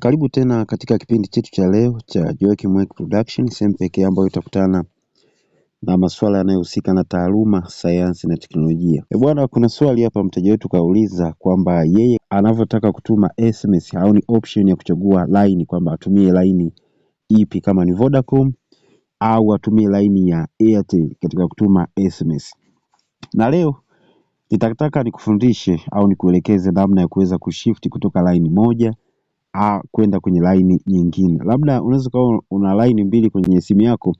Karibu tena katika kipindi chetu cha leo cha Joakim Work Production, sehemu pekee ambayo utakutana na masuala yanayohusika na taaluma, sayansi na teknolojia. E bwana, kuna swali hapa mteja wetu kauliza kwamba yeye anavyotaka kutuma SMS au ni option ya kuchagua laini kwamba atumie laini ipi kama ni Vodacom au atumie laini ya Airtel katika kutuma SMS. Na leo nitataka nikufundishe au nikuelekeze namna ya kuweza kushifti kutoka laini moja kwenda kwenye laini nyingine. Labda unaweza ukawa una laini mbili kwenye simu yako,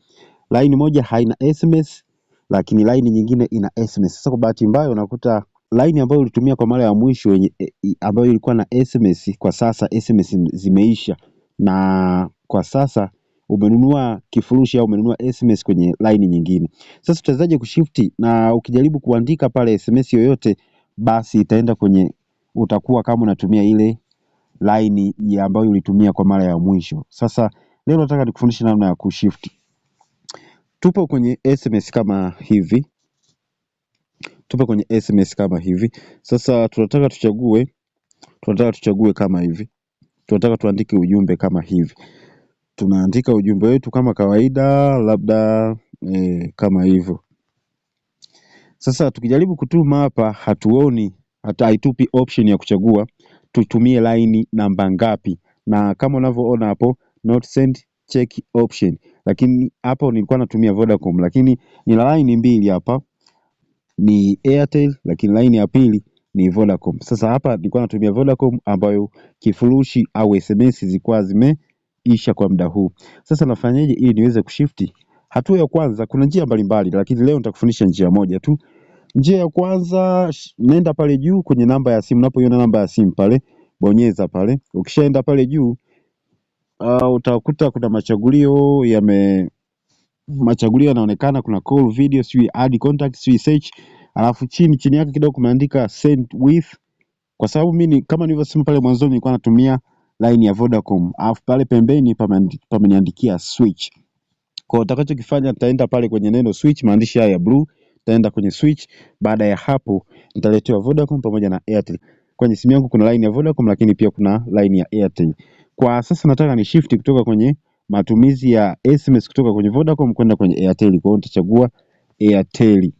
laini moja haina SMS lakini laini nyingine ina SMS. Sasa kwa bahati mbaya unakuta laini ambayo ulitumia kwa mara ya mwisho yenye e, ambayo ilikuwa na SMS kwa sasa SMS zimeisha, na kwa sasa umenunua kifurushi au umenunua SMS kwenye laini nyingine. Sasa utawezaje kushift? Na ukijaribu kuandika pale SMS yoyote, basi itaenda kwenye, utakuwa kama unatumia ile line ya ambayo ulitumia kwa mara ya mwisho. Sasa leo nataka nikufundishe namna ya kushift. Tupo kwenye SMS kama hivi, tupo kwenye SMS kama hivi. Sasa tunataka tuchague, tunataka tuchague kama hivi, tunataka tuandike ujumbe kama hivi. Tunaandika ujumbe wetu kama kawaida, labda e, kama hivyo. Sasa tukijaribu kutuma hapa, hatuoni hata haitupi option ya kuchagua tutumie line namba ngapi, na kama unavyoona hapo not send check option, lakini hapo nilikuwa natumia Vodacom, lakini nina line mbili hapa, ni Airtel, lakini line ya pili ni Vodacom. Sasa hapa nilikuwa natumia Vodacom ambayo kifurushi au SMS zilikuwa zimeisha kwa muda huu. Sasa nafanyaje ili niweze kushifti? Hatua ya kwanza, kuna njia mbalimbali mbali, lakini leo nitakufundisha njia moja tu. Njia ya kwanza, nenda pale juu kwenye namba ya simu, unapoiona namba ya simu pale bonyeza pale. Ukishaenda pale juu uh, utakuta kuna machagulio yame machagulio yanaonekana, kuna call video, sijui add contact, sijui search, alafu chini chini yake kidogo kumeandika send with. Kwa sababu mimi kama nilivyosema pale mwanzo, nilikuwa natumia line ya Vodacom, alafu pale pembeni pameniandikia switch. Kwa utakachokifanya, nitaenda pale kwenye neno switch, maandishi haya ya blue nitaenda kwenye switch. Baada ya hapo nitaletewa Vodacom pamoja na Airtel. Kwenye simu yangu kuna line ya Vodacom lakini pia kuna line ya Airtel. Kwa sasa nataka ni shift kutoka kwenye matumizi ya SMS kutoka kwenye Vodacom kwenda kwenye Airtel. Kwa hiyo nitachagua Airtel.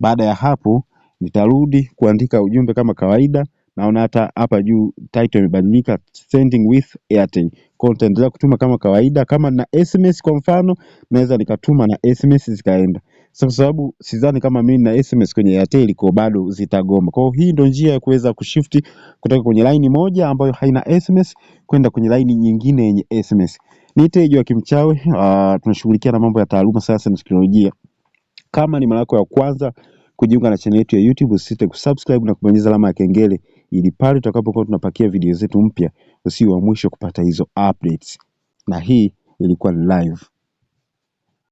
Baada ya hapo nitarudi kuandika ujumbe kama kawaida. Naona hata hapa juu title imebadilika sending with Airtel. Kwa hiyo nitaendelea kutuma kama kawaida, kama na SMS kwa mfano, naweza nikatuma na SMS zikaenda. Sasa sababu sidhani kama mimi na SMS kwenye Airtel kwa bado zitagoma. Kwa hiyo hii ndio njia ya kuweza kushift kutoka kwenye line moja ambayo haina SMS kwenda kwenye line nyingine yenye SMS. Niite Joakim Chawe, uh, ah, tunashughulikia na mambo ya taaluma, sayansi na teknolojia. Kama ni mara yako ya kwanza kujiunga na channel yetu ya YouTube, usisite kusubscribe na kubonyeza alama ya kengele ili pale tutakapokuwa tunapakia video zetu mpya usiwe wa mwisho kupata hizo updates. Na hii ilikuwa live.